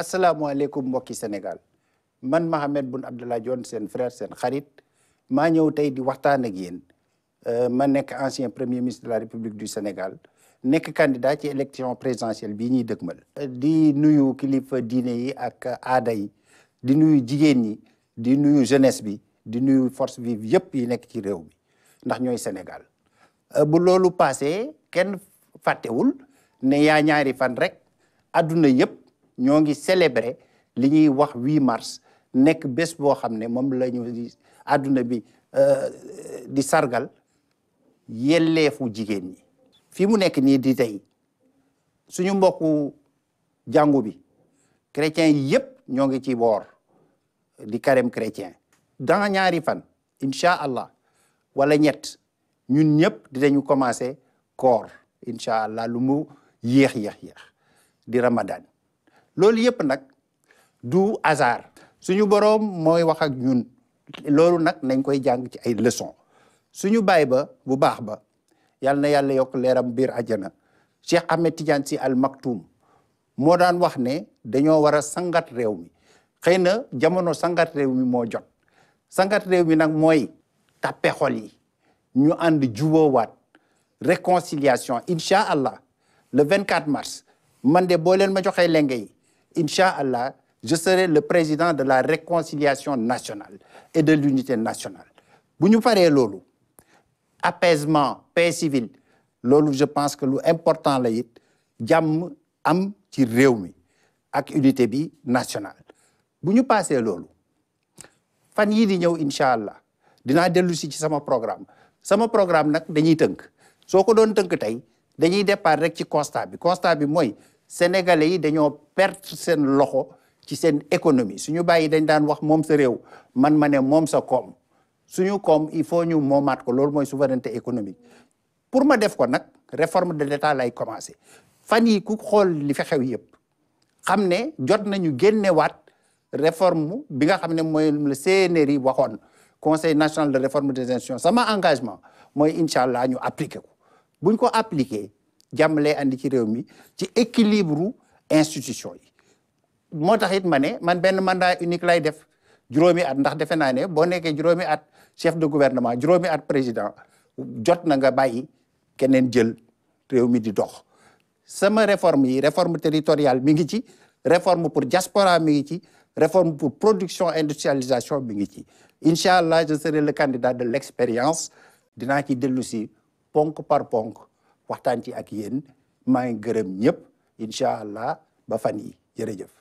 asalaamaaleykum mbokki Sénégal man Mahammed Boun Abdallah Dionne seen frère seen xarit maa ñëw tey di waxtaan ak yéen euh, ma nekk ancien premier ministre de la République du Sénégal nekk candidat ci élection présidentielle bi ñuy dëgmal. di nuyu kilifa diine yi ak aada yi di nuyu jigéen ñi di nuyu jeunesse bi di nuyu force vive yëpp yi nekk ci réew mi ndax ñooy Sénégal euh, bu loolu passé kenn fàttewul ne yaa ñaari fan rek adduna yëpp. ñoo ngi célébrer li ñuy wax 8 mars nekk bés boo xam ne moom la ñu di àdduna bi euh, di sargal yelleefu jigéen ñi fii mu nekk nii di tey suñu mbokku jàngu bi chrétien yi yëpp ñoo ngi ci woor di carême chrétien dans ñaari fan incha allah wala ñett ñun ñëpp dinañu commencé koor incha allah lu mu yéex yéex yéex di ramadan loolu yëpp nag du hasard suñu boroom mooy wax ak ñun loolu nag nañ koy jàng ci ay leçon suñu baay ba bu baax ba yàlla na yàlla yokk leeram biir àjjana Cheikh Ahmed Tidiane Sy Al moo daan wax ne dañoo war a sangat réew mi xëy na jamono sangat réew mi moo jot sangat réew mi nag mooy tàppe xol yi ñu ànd juboowaat réconciliation incha allah le 24 mars man de boo leen ma joxee lenge yi Inch'Allah, je serai le président de la réconciliation nationale et de l'unité nationale. bu ñu paree loolu apaisement paix civile loolu je pense que lu important la it jàmm am ci réew mi ak unité bi nationale. bu ñu paasee loolu fan yii di ñëw incha allah dinaa dellu si ci sama programme sama programme nag dañuy tënk soo ko doon tënk tey dañuy départ rek ci constat bi constat bi mooy. sénégalais yi dañoo perdre seen loxo ci seen économie suñu bàyyi dañ daan wax moom sa réew man ma ne moom sa koom suñu koom il faut ñu moomaat ko loolu mooy souveraineté économique pour ma def ko nag réforme de l'État lay commencé fan yi ku xool li fi xew yëpp xam ne jot nañu génnewaat réforme bi nga xam ne mooy le CNRI waxoon conseil national de réforme des institutions sama engagement mooy incha allah ñu appliqué ko buñ ko appliqué jàmm lay andi ci réew mi ci équilibre institution yi moo tax it ma ne man benn mandaa unique lay def juróomi at ndax defe naa ne boo nekkee juróomi at chef de gouvernement juróomi at président jot na nga bàyyi keneen jël réew mi di dox sama réforme yi réforme territoriale mi ngi ci réforme pour diaspora mi ngi ci réforme pour production industrialisation mi ngi ci incha allah je serai le candidat de l'expérience dinaa ci dellu si ponk par ponk waxtaan ci ak yéen maa ngi gërëm ñëpp incha allah ba fan yi jërëjëf